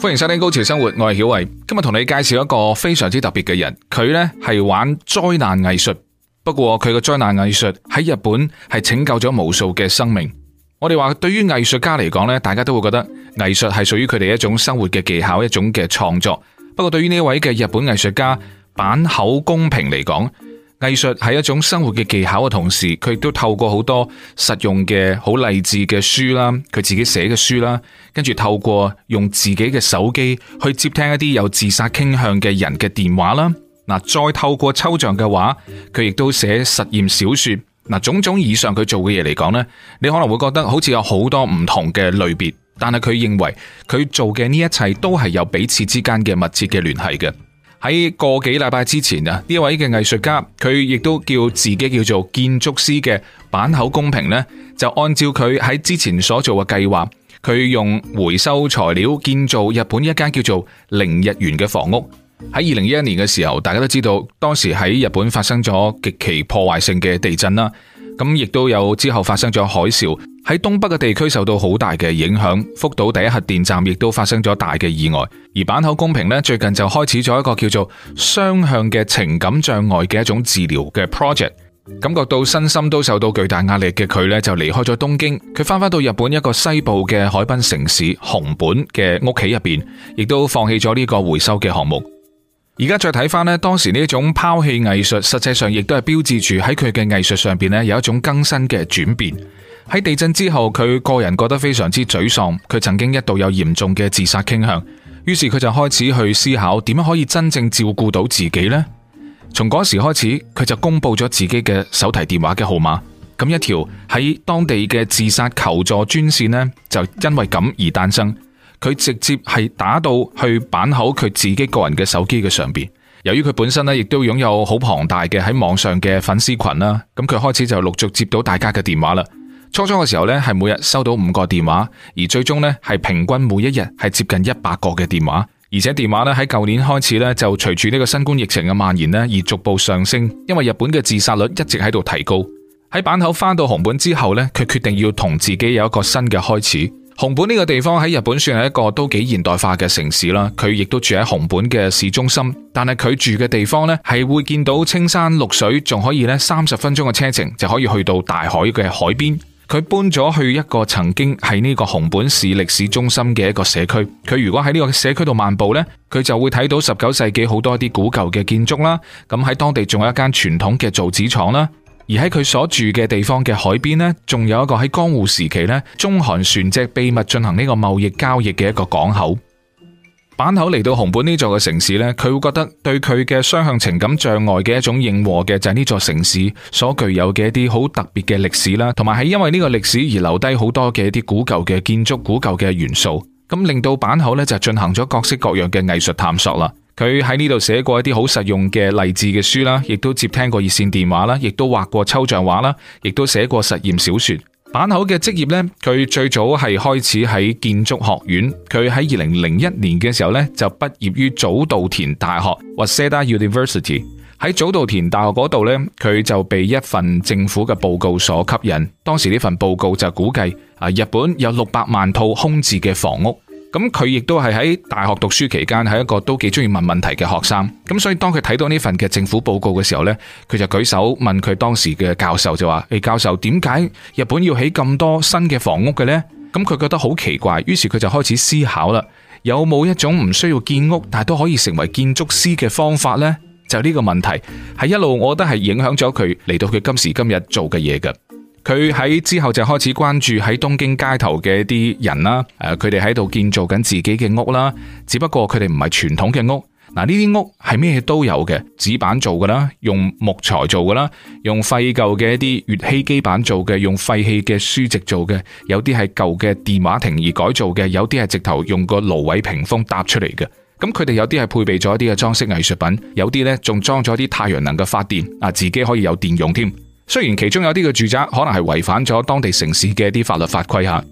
歡迎收聽《高潮生活》，我係曉偉，今日同你介紹一個非常之特別嘅人，佢呢係玩災難藝術，不過佢嘅災難藝術喺日本係拯救咗無數嘅生命。我哋話對於藝術家嚟講呢，大家都會覺得藝術係屬於佢哋一種生活嘅技巧，一種嘅創作。不過對於呢位嘅日本藝術家坂口公平嚟講，藝術係一種生活嘅技巧嘅同時，佢亦都透過好多實用嘅好勵志嘅書啦，佢自己寫嘅書啦，跟住透過用自己嘅手機去接聽一啲有自殺傾向嘅人嘅電話啦，嗱，再透過抽象嘅話，佢亦都寫實驗小說，嗱，種種以上佢做嘅嘢嚟講呢，你可能會覺得好似有好多唔同嘅類別，但係佢認為佢做嘅呢一切都係有彼此之間嘅密切嘅聯繫嘅。喺個幾禮拜之前啊，呢位嘅藝術家，佢亦都叫自己叫做建築師嘅板口公平呢，就按照佢喺之前所做嘅計劃，佢用回收材料建造日本一間叫做零日元嘅房屋。喺二零一一年嘅時候，大家都知道，當時喺日本發生咗極其破壞性嘅地震啦，咁亦都有之後發生咗海嘯。喺東北嘅地區受到好大嘅影響，福島第一核電站亦都發生咗大嘅意外。而板口公平呢，最近就開始咗一個叫做雙向嘅情感障礙嘅一種治療嘅 project。感覺到身心都受到巨大壓力嘅佢呢，就離開咗東京，佢翻返到日本一個西部嘅海濱城市熊本嘅屋企入邊，亦都放棄咗呢個回收嘅項目。而家再睇翻呢，當時呢一種拋棄藝術，實際上亦都係標誌住喺佢嘅藝術上邊呢，有一種更新嘅轉變。喺地震之後，佢個人覺得非常之沮喪。佢曾經一度有嚴重嘅自殺傾向，於是佢就開始去思考點樣可以真正照顧到自己。呢從嗰時開始，佢就公布咗自己嘅手提電話嘅號碼。咁一條喺當地嘅自殺求助專線呢，就因為咁而誕生。佢直接係打到去板口佢自己個人嘅手機嘅上邊。由於佢本身呢，亦都擁有好龐大嘅喺網上嘅粉絲群啦，咁佢開始就陸續接到大家嘅電話啦。初初嘅時候咧，係每日收到五個電話，而最終咧係平均每一日係接近一百個嘅電話，而且電話咧喺舊年開始咧就隨住呢個新冠疫情嘅蔓延咧而逐步上升，因為日本嘅自殺率一直喺度提高。喺板口翻到熊本之後咧，佢決定要同自己有一個新嘅開始。熊本呢個地方喺日本算係一個都幾現代化嘅城市啦，佢亦都住喺熊本嘅市中心，但係佢住嘅地方咧係會見到青山綠水，仲可以咧三十分鐘嘅車程就可以去到大海嘅海邊。佢搬咗去一個曾經喺呢個熊本市歷史中心嘅一個社區。佢如果喺呢個社區度漫步呢，佢就會睇到十九世紀好多啲古舊嘅建築啦。咁喺當地仲有一間傳統嘅造紙廠啦。而喺佢所住嘅地方嘅海邊呢，仲有一個喺江戶時期呢，中韓船隻秘密進行呢個貿易交易嘅一個港口。坂口嚟到熊本呢座嘅城市呢，佢會覺得對佢嘅雙向情感障礙嘅一種應和嘅就係呢座城市所具有嘅一啲好特別嘅歷史啦，同埋係因為呢個歷史而留低好多嘅一啲古舊嘅建築、古舊嘅元素，咁令到坂口呢就進行咗各式各樣嘅藝術探索啦。佢喺呢度寫過一啲好實用嘅勵志嘅書啦，亦都接聽過熱線電話啦，亦都畫過抽象畫啦，亦都寫過實驗小說。板口嘅職業呢，佢最早係開始喺建築學院。佢喺二零零一年嘅時候呢，就畢業於早稻田大學或者 e d a University）。喺早稻田大學嗰度呢，佢就被一份政府嘅報告所吸引。當時呢份報告就估計啊，日本有六百萬套空置嘅房屋。咁佢亦都係喺大學讀書期間，係一個都幾中意問問題嘅學生。咁所以當佢睇到呢份嘅政府報告嘅時候呢，佢就舉手問佢當時嘅教授就話，誒、哎，教授，點解日本要起咁多新嘅房屋嘅呢？咁佢覺得好奇怪，於是佢就開始思考啦，有冇一種唔需要建屋但係都可以成為建築師嘅方法呢？就呢個問題係一路，我覺得係影響咗佢嚟到佢今時今日做嘅嘢嘅。佢喺之後就開始關注喺東京街頭嘅一啲人啦，誒，佢哋喺度建造緊自己嘅屋啦。只不過佢哋唔係傳統嘅屋，嗱，呢啲屋係咩都有嘅，紙板做噶啦，用木材做噶啦，用廢舊嘅一啲樂器基板做嘅，用廢棄嘅書籍做嘅，有啲係舊嘅電話亭而改造嘅，有啲係直頭用個蘆葦屏風搭出嚟嘅。咁佢哋有啲係配備咗一啲嘅裝飾藝術品，有啲呢仲裝咗啲太陽能嘅發電，啊，自己可以有電用添。雖然其中有啲嘅住宅可能係違反咗當地城市嘅一啲法律法規吓，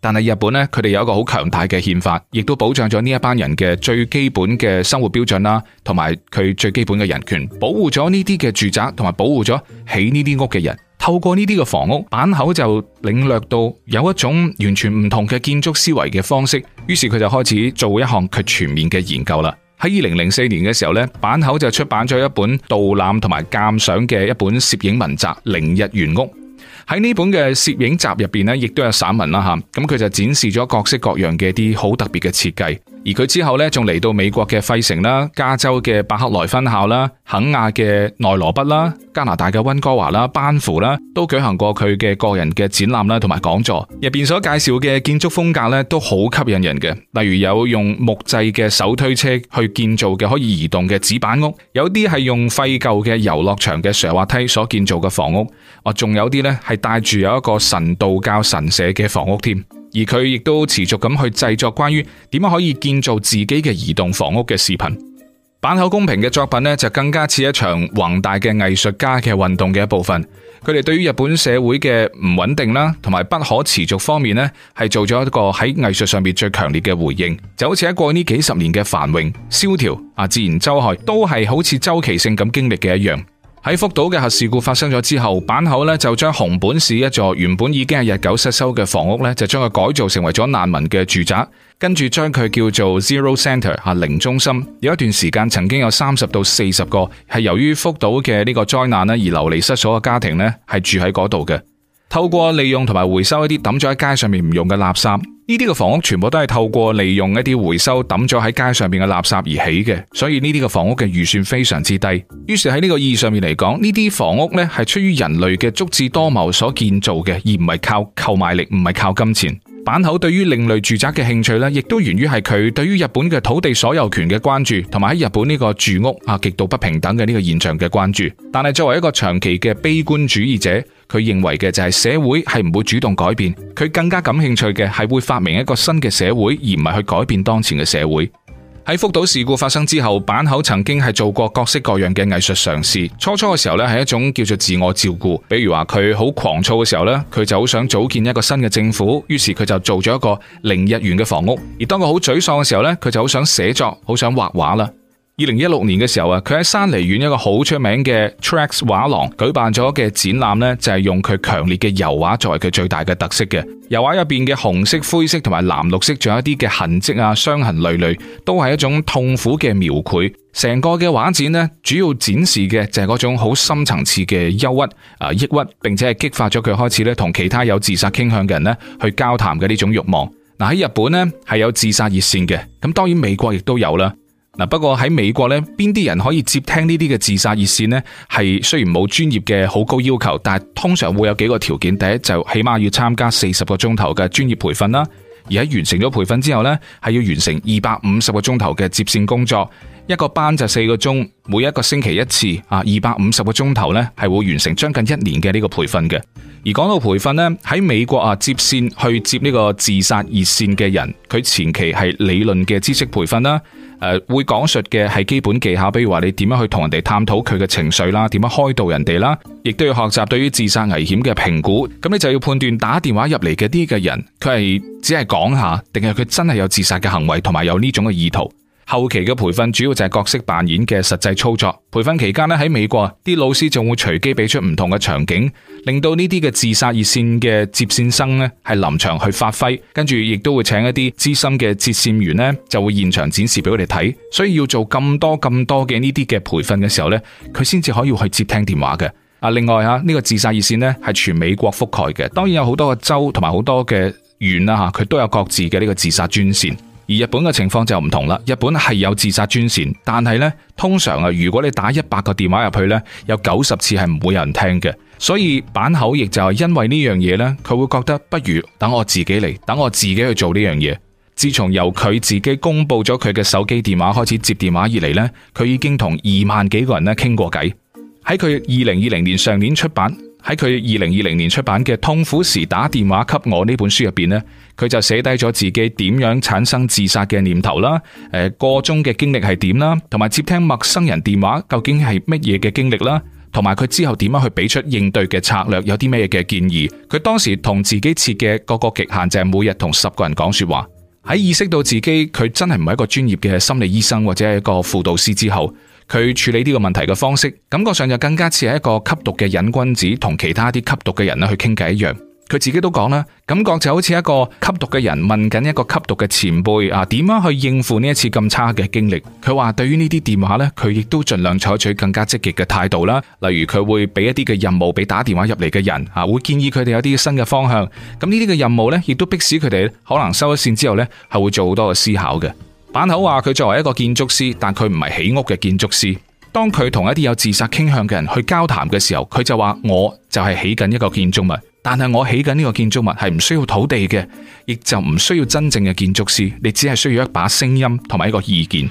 但係日本呢，佢哋有一個好強大嘅憲法，亦都保障咗呢一班人嘅最基本嘅生活標準啦，同埋佢最基本嘅人權，保護咗呢啲嘅住宅，同埋保護咗起呢啲屋嘅人。透過呢啲嘅房屋，坂口就領略到有一種完全唔同嘅建築思維嘅方式，於是佢就開始做一項佢全面嘅研究啦。喺二零零四年嘅時候呢，板口就出版咗一本導覽同埋鑑賞嘅一本攝影文集《零日原屋》。喺呢本嘅攝影集入邊呢亦都有散文啦嚇。咁佢就展示咗各式各樣嘅一啲好特別嘅設計。而佢之後咧，仲嚟到美國嘅費城啦、加州嘅伯克萊分校啦、肯亞嘅內羅畢啦、加拿大嘅溫哥華啦、班芙啦，都舉行過佢嘅個人嘅展覽啦同埋講座。入邊所介紹嘅建築風格咧，都好吸引人嘅。例如有用木製嘅手推車去建造嘅可以移動嘅紙板屋，有啲係用廢舊嘅遊樂場嘅斜滑梯所建造嘅房屋。我仲有啲咧係帶住有一個神道教神社嘅房屋添。而佢亦都持續咁去製作關於點樣可以建造自己嘅移動房屋嘅視頻。板口公平嘅作品呢，就更加似一場宏大嘅藝術家嘅運動嘅一部分。佢哋對於日本社會嘅唔穩定啦，同埋不可持續方面呢，係做咗一個喺藝術上面最強烈嘅回應。就好似喺過呢幾十年嘅繁榮、蕭條啊，自然災害都係好似週期性咁經歷嘅一樣。喺福島嘅核事故發生咗之後，板口呢就將熊本市一座原本已經係日久失修嘅房屋呢，就將佢改造成為咗難民嘅住宅，跟住將佢叫做 Zero Center 吓零中心。有一段時間，曾經有三十到四十個係由於福島嘅呢個災難呢而流離失所嘅家庭呢，係住喺嗰度嘅。透過利用同埋回收一啲抌咗喺街上面唔用嘅垃圾，呢啲嘅房屋全部都係透過利用一啲回收抌咗喺街上面嘅垃圾而起嘅，所以呢啲嘅房屋嘅預算非常之低。於是喺呢個意義上面嚟講，呢啲房屋呢係出於人類嘅足智多謀所建造嘅，而唔係靠購買力，唔係靠金錢。板口對於另類住宅嘅興趣呢，亦都源於係佢對於日本嘅土地所有權嘅關注，同埋喺日本呢個住屋啊極度不平等嘅呢個現象嘅關注。但係作為一個長期嘅悲觀主義者，佢認為嘅就係社會係唔會主動改變，佢更加感興趣嘅係會發明一個新嘅社會，而唔係去改變當前嘅社會。喺福島事故發生之後，坂口曾經係做過各式各樣嘅藝術嘗試。初初嘅時候呢，係一種叫做自我照顧，比如話佢好狂躁嘅時候呢，佢就好想組建一個新嘅政府，於是佢就做咗一個零日元嘅房屋。而當佢好沮喪嘅時候呢，佢就好想寫作，好想畫畫啦。二零一六年嘅時候啊，佢喺山梨縣一個好出名嘅 Tracks 畫廊舉辦咗嘅展覽呢，就係用佢強烈嘅油畫作為佢最大嘅特色嘅油畫入邊嘅紅色、灰色同埋藍綠色，仲有一啲嘅痕跡啊、傷痕累累，都係一種痛苦嘅描繪。成個嘅畫展呢，主要展示嘅就係嗰種好深層次嘅憂鬱啊、抑鬱，並且係激發咗佢開始咧同其他有自殺傾向嘅人呢去交談嘅呢種慾望。嗱，喺日本呢，係有自殺熱線嘅，咁當然美國亦都有啦。嗱，不過喺美國咧，邊啲人可以接聽呢啲嘅自殺熱線呢？係雖然冇專業嘅好高要求，但係通常會有幾個條件。第一就起碼要參加四十個鐘頭嘅專業培訓啦，而喺完成咗培訓之後呢，係要完成二百五十個鐘頭嘅接線工作。一個班就四個鐘，每一個星期一次啊，二百五十個鐘頭呢係會完成將近一年嘅呢個培訓嘅。而講到培訓呢，喺美國啊，接線去接呢個自殺熱線嘅人，佢前期係理論嘅知識培訓啦，誒、呃，會講述嘅係基本技巧，比如話你點樣去同人哋探討佢嘅情緒啦，點樣開導人哋啦，亦都要學習對於自殺危險嘅評估。咁你就要判斷打電話入嚟嘅啲嘅人，佢係只係講下，定係佢真係有自殺嘅行為，同埋有呢種嘅意圖。後期嘅培訓主要就係角色扮演嘅實際操作。培訓期間咧喺美國，啲老師仲會隨機俾出唔同嘅場景，令到呢啲嘅自殺熱線嘅接線生咧係臨場去發揮。跟住亦都會請一啲資深嘅接線員呢就會現場展示俾佢哋睇。所以要做咁多咁多嘅呢啲嘅培訓嘅時候呢，佢先至可以去接聽電話嘅。啊，另外吓呢個自殺熱線呢係全美國覆蓋嘅，當然有好多個州同埋好多嘅縣啦吓，佢都有各自嘅呢個自殺專線。而日本嘅情況就唔同啦。日本係有自殺專線，但係呢，通常啊，如果你打一百個電話入去呢，有九十次係唔會有人聽嘅。所以板口亦就係因為呢樣嘢呢，佢會覺得不如等我自己嚟，等我自己去做呢樣嘢。自從由佢自己公布咗佢嘅手機電話開始接電話以嚟呢，佢已經同二萬幾個人呢傾過偈。喺佢二零二零年上年出版。喺佢二零二零年出版嘅《痛苦時打電話給我》呢本書入邊呢，佢就寫低咗自己點樣產生自殺嘅念頭啦，誒個中嘅經歷係點啦，同埋接聽陌生人電話究竟係乜嘢嘅經歷啦，同埋佢之後點樣去俾出應對嘅策略，有啲咩嘅建議。佢當時同自己設嘅各個極限就係每日同十個人講說話，喺意識到自己佢真係唔係一個專業嘅心理醫生或者係一個輔導師之後。佢處理呢個問題嘅方式，感覺上就更加似係一個吸毒嘅癮君子同其他啲吸毒嘅人呢去傾偈一樣。佢自己都講啦，感覺就好似一個吸毒嘅人問緊一個吸毒嘅前輩啊，點樣去應付呢一次咁差嘅經歷。佢話對於呢啲電話呢，佢亦都盡量採取更加積極嘅態度啦。例如佢會俾一啲嘅任務俾打電話入嚟嘅人啊，會建議佢哋有啲新嘅方向。咁呢啲嘅任務呢，亦都迫使佢哋可能收咗線之後呢，係會做好多嘅思考嘅。板口話佢作為一個建築師，但佢唔係起屋嘅建築師。當佢同一啲有自殺傾向嘅人去交談嘅時候，佢就話：我就係起緊一個建築物，但係我起緊呢個建築物係唔需要土地嘅，亦就唔需要真正嘅建築師，你只係需要一把聲音同埋一個意見。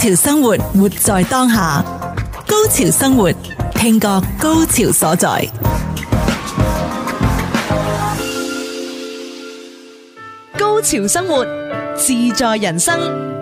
高潮生活，活在當下；高潮生活，聽覺高潮所在；高潮生活，自在人生。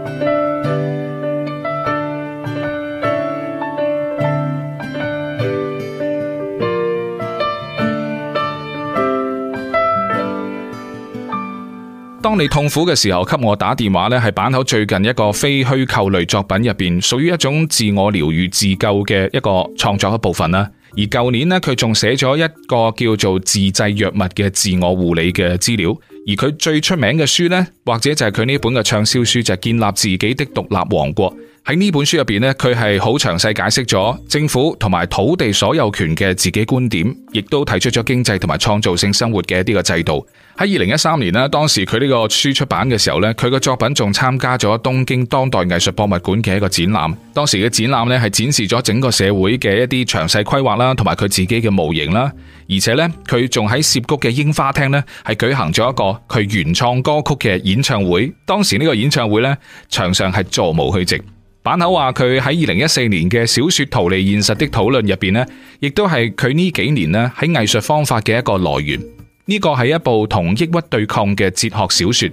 當你痛苦嘅時候，給我打電話咧，係坂口最近一個非虛構類作品入邊，屬於一種自我療愈，自救嘅一個創作嘅部分啦。而舊年咧，佢仲寫咗一個叫做自製藥物嘅自我護理嘅資料。而佢最出名嘅書咧，或者就係佢呢本嘅暢銷書，就係建立自己的獨立王國。喺呢本書入邊呢，佢係好詳細解釋咗政府同埋土地所有權嘅自己觀點，亦都提出咗經濟同埋創造性生活嘅呢個制度。喺二零一三年呢，當時佢呢個書出版嘅時候呢，佢嘅作品仲參加咗東京當代藝術博物館嘅一個展覽。當時嘅展覽呢係展示咗整個社會嘅一啲詳細規劃啦，同埋佢自己嘅模型啦。而且呢，佢仲喺涉谷嘅櫻花廳呢係舉行咗一個佢原創歌曲嘅演唱會。當時呢個演唱會呢場上係座無虛席。反口話佢喺二零一四年嘅小說逃離現實的討論入邊呢，亦都係佢呢幾年咧喺藝術方法嘅一個來源。呢個係一部同抑鬱對抗嘅哲學小說。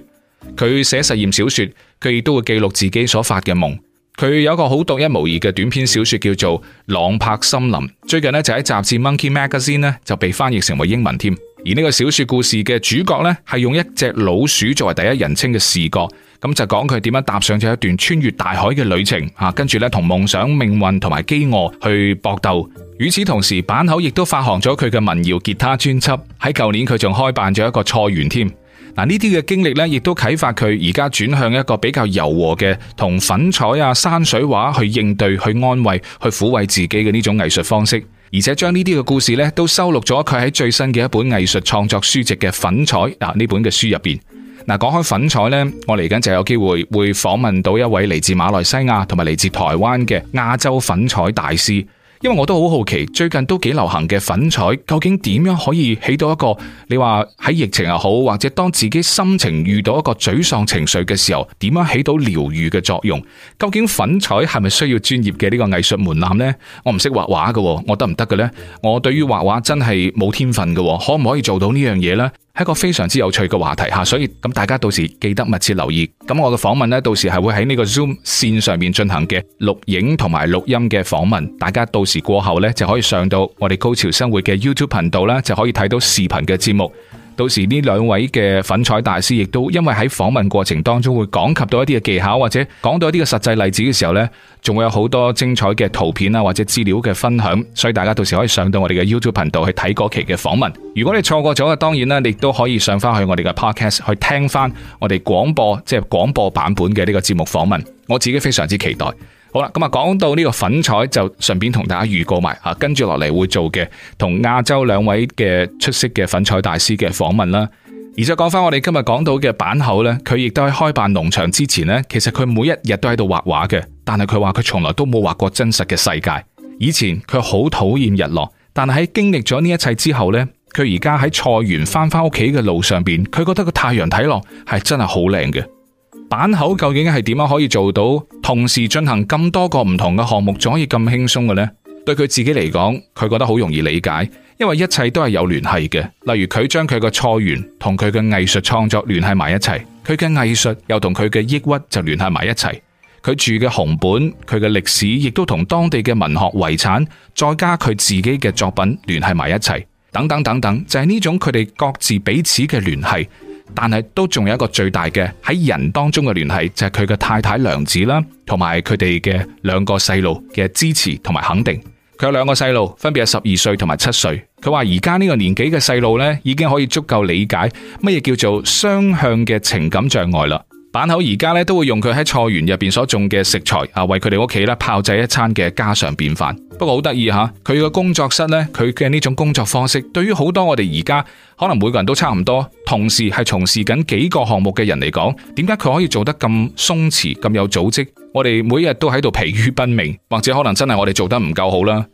佢寫實驗小說，佢亦都會記錄自己所發嘅夢。佢有一個好獨一無二嘅短篇小說叫做《朗柏森林》，最近呢就喺雜誌 Monkey Magazine 咧就被翻譯成為英文添。而呢個小說故事嘅主角呢，係用一隻老鼠作為第一人稱嘅視角。咁就講佢點樣踏上咗一段穿越大海嘅旅程，吓跟住呢同夢想、命運同埋飢餓去搏鬥。與此同時，坂口亦都發行咗佢嘅民謠吉他專輯。喺舊年，佢仲開辦咗一個菜園添。嗱呢啲嘅經歷呢，亦都啟發佢而家轉向一個比較柔和嘅同粉彩啊山水畫去應對、去安慰、去撫慰自己嘅呢種藝術方式。而且將呢啲嘅故事呢，都收錄咗佢喺最新嘅一本藝術創作書籍嘅粉彩啊呢本嘅書入邊。嗱，講開粉彩呢，我嚟緊就有機會會訪問到一位嚟自馬來西亞同埋嚟自台灣嘅亞洲粉彩大師。因為我都好好奇，最近都幾流行嘅粉彩，究竟點樣可以起到一個，你話喺疫情又好，或者當自己心情遇到一個沮喪情緒嘅時候，點樣起到療愈嘅作用？究竟粉彩係咪需要專業嘅呢個藝術門檻呢？我唔識畫畫嘅，我得唔得嘅呢？我對於畫畫真係冇天分嘅，可唔可以做到呢樣嘢呢？係一個非常之有趣嘅話題吓，所以咁大家到時記得密切留意。咁我嘅訪問呢，到時係會喺呢個 Zoom 線上面進行嘅錄影同埋錄音嘅訪問。大家到時過後呢，就可以上到我哋高潮生活嘅 YouTube 頻道啦，就可以睇到視頻嘅節目。到時呢兩位嘅粉彩大師亦都因為喺訪問過程當中會講及到一啲嘅技巧或者講到一啲嘅實際例子嘅時候呢，仲會有好多精彩嘅圖片呀或者資料嘅分享，所以大家到時可以上到我哋嘅 YouTube 頻道去睇嗰期嘅訪問。如果你錯過咗嘅，當然啦，你亦都可以上翻去我哋嘅 Podcast 去聽翻我哋廣播，即係廣播版本嘅呢個節目訪問。我自己非常之期待。好啦，咁啊，講到呢個粉彩，就順便同大家預告埋吓，跟住落嚟會做嘅同亞洲兩位嘅出色嘅粉彩大師嘅訪問啦。而再講翻我哋今日講到嘅板口呢，佢亦都喺開辦農場之前呢，其實佢每一日都喺度畫畫嘅，但係佢話佢從來都冇畫過真實嘅世界。以前佢好討厭日落，但係喺經歷咗呢一切之後呢，佢而家喺菜園翻翻屋企嘅路上邊，佢覺得個太陽睇落係真係好靚嘅。板口究竟係點樣可以做到同時進行咁多個唔同嘅項目，仲可以咁輕鬆嘅呢？對佢自己嚟講，佢覺得好容易理解，因為一切都係有聯繫嘅。例如佢將佢嘅錯緣同佢嘅藝術創作聯繫埋一齊，佢嘅藝術又同佢嘅抑鬱就聯繫埋一齊。佢住嘅熊本，佢嘅歷史亦都同當地嘅文學遺產，再加佢自己嘅作品聯繫埋一齊，等等等等，就係、是、呢種佢哋各自彼此嘅聯繫。但係都仲有一個最大嘅喺人當中嘅聯繫就係佢嘅太太梁子啦，同埋佢哋嘅兩個細路嘅支持同埋肯定。佢有兩個細路，分別係十二歲同埋七歲。佢話而家呢個年紀嘅細路呢，已經可以足夠理解乜嘢叫做雙向嘅情感障礙啦。板口而家咧都會用佢喺菜園入邊所種嘅食材啊，為佢哋屋企咧炮製一餐嘅家常便飯。不過好得意吓，佢個工作室咧，佢嘅呢種工作方式，對於好多我哋而家可能每個人都差唔多，同時係從事緊幾個項目嘅人嚟講，點解佢可以做得咁鬆弛咁有組織？我哋每日都喺度疲於奔命，或者可能真係我哋做得唔夠好啦。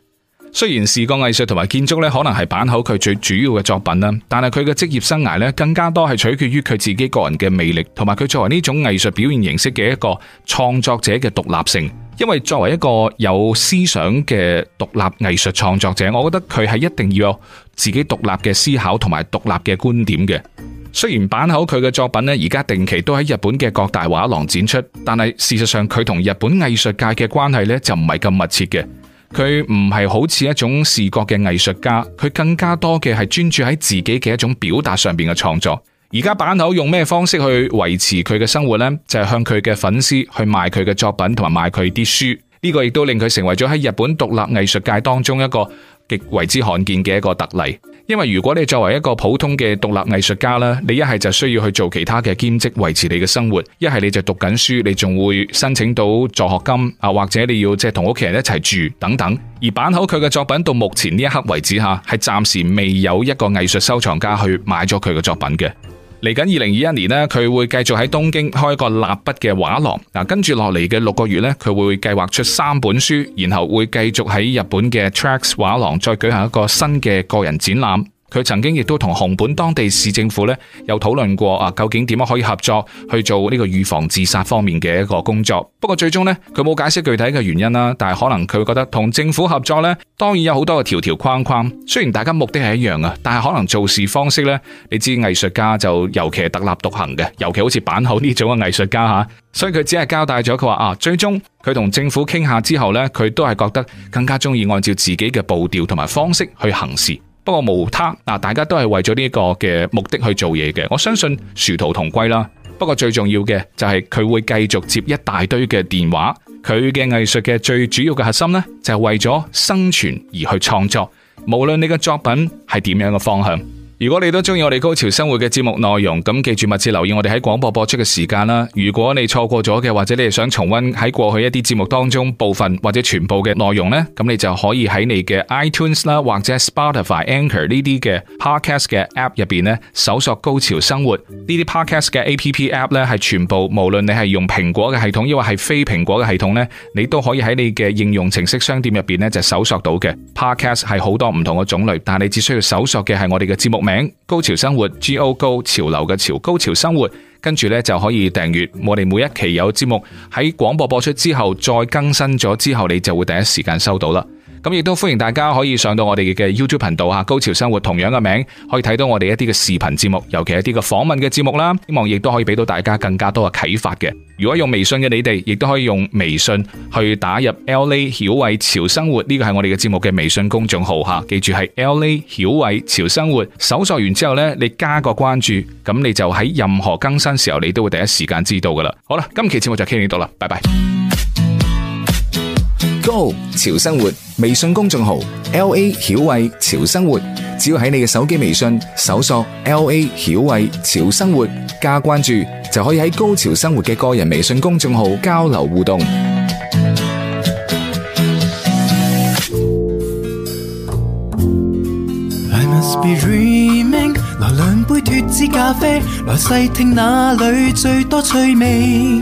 雖然視覺藝術同埋建築咧，可能係板口佢最主要嘅作品啦，但係佢嘅職業生涯咧，更加多係取決於佢自己個人嘅魅力，同埋佢作為呢種藝術表現形式嘅一個創作者嘅獨立性。因為作為一個有思想嘅獨立藝術創作者，我覺得佢係一定要有自己獨立嘅思考同埋獨立嘅觀點嘅。雖然板口佢嘅作品咧，而家定期都喺日本嘅各大畫廊展出，但係事實上佢同日本藝術界嘅關係呢就唔係咁密切嘅。佢唔係好似一種視覺嘅藝術家，佢更加多嘅係專注喺自己嘅一種表達上面嘅創作。而家板頭用咩方式去維持佢嘅生活呢？就係、是、向佢嘅粉絲去賣佢嘅作品，同埋賣佢啲書。呢、這個亦都令佢成為咗喺日本獨立藝術界當中一個極為之罕見嘅一個特例。因為如果你作為一個普通嘅獨立藝術家啦，你一係就需要去做其他嘅兼職維持你嘅生活，一係你就讀緊書，你仲會申請到助學金啊，或者你要即係同屋企人一齊住等等。而板口佢嘅作品到目前呢一刻為止吓，係暫時未有一個藝術收藏家去買咗佢嘅作品嘅。嚟緊二零二一年呢佢會繼續喺東京開一個立筆嘅畫廊。嗱，跟住落嚟嘅六個月呢佢會計劃出三本書，然後會繼續喺日本嘅 Tracks 畫廊再舉行一個新嘅個人展覽。佢曾經亦都同熊本當地市政府咧有討論過啊，究竟點樣可以合作去做呢個預防自殺方面嘅一個工作？不過最終呢，佢冇解釋具體嘅原因啦。但係可能佢覺得同政府合作呢，當然有好多嘅條條框框。雖然大家目的係一樣啊，但係可能做事方式呢，你知藝術家就尤其係特立獨行嘅，尤其好似坂口呢種嘅藝術家吓、啊。所以佢只係交代咗佢話啊，最終佢同政府傾下之後呢，佢都係覺得更加中意按照自己嘅步調同埋方式去行事。不過無他，嗱，大家都係為咗呢個嘅目的去做嘢嘅。我相信殊途同歸啦。不過最重要嘅就係佢會繼續接一大堆嘅電話。佢嘅藝術嘅最主要嘅核心呢，就係為咗生存而去創作。無論你嘅作品係點樣嘅方向，如果你都中意我哋高潮生活嘅節目內容，咁記住密切留意我哋喺廣播播出嘅時間啦。如果你錯過咗嘅，或者你想重溫喺過去一啲節目當中部分或者全部嘅內容呢，咁你就可以喺你嘅 iTunes 啦，或者 Spotify Anchor 呢啲嘅 Podcast 嘅 App 入邊呢，搜索「高潮生活」呢啲 Podcast 嘅 APP App 呢係全部，無論你係用蘋果嘅系統，抑或係非蘋果嘅系統呢，你都可以喺你嘅應用程式商店入邊呢，就搜索到嘅 Podcast 係好多唔同嘅種類，但係你只需要搜索嘅係我哋嘅節目名。高潮生活 G O 高潮流嘅潮，高潮生活，跟住咧就可以訂閱我哋每一期有節目喺廣播播出之後再更新咗之後，你就會第一時間收到啦。咁亦都歡迎大家可以上到我哋嘅 YouTube 頻道吓，高潮生活同樣嘅名，可以睇到我哋一啲嘅視頻節目，尤其係一啲嘅訪問嘅節目啦，希望亦都可以俾到大家更加多嘅啟發嘅。如果用微信嘅你哋，亦都可以用微信去打入 LA 曉慧潮生活呢個，係我哋嘅節目嘅微信公眾號吓，記住係 LA 曉慧潮生活，搜索完之後呢，你加個關注，咁你就喺任何更新時候，你都會第一時間知道噶啦。好啦，今期節目就傾呢度啦，拜拜。Go 潮生活微信公眾號，L A 曉慧潮生活，只要喺你嘅手機微信搜索 L A 曉慧潮生活加關注，就可以喺高潮生活嘅個人微信公眾號交流互動。來兩杯脫脂咖啡，來細聽哪裏最多趣味。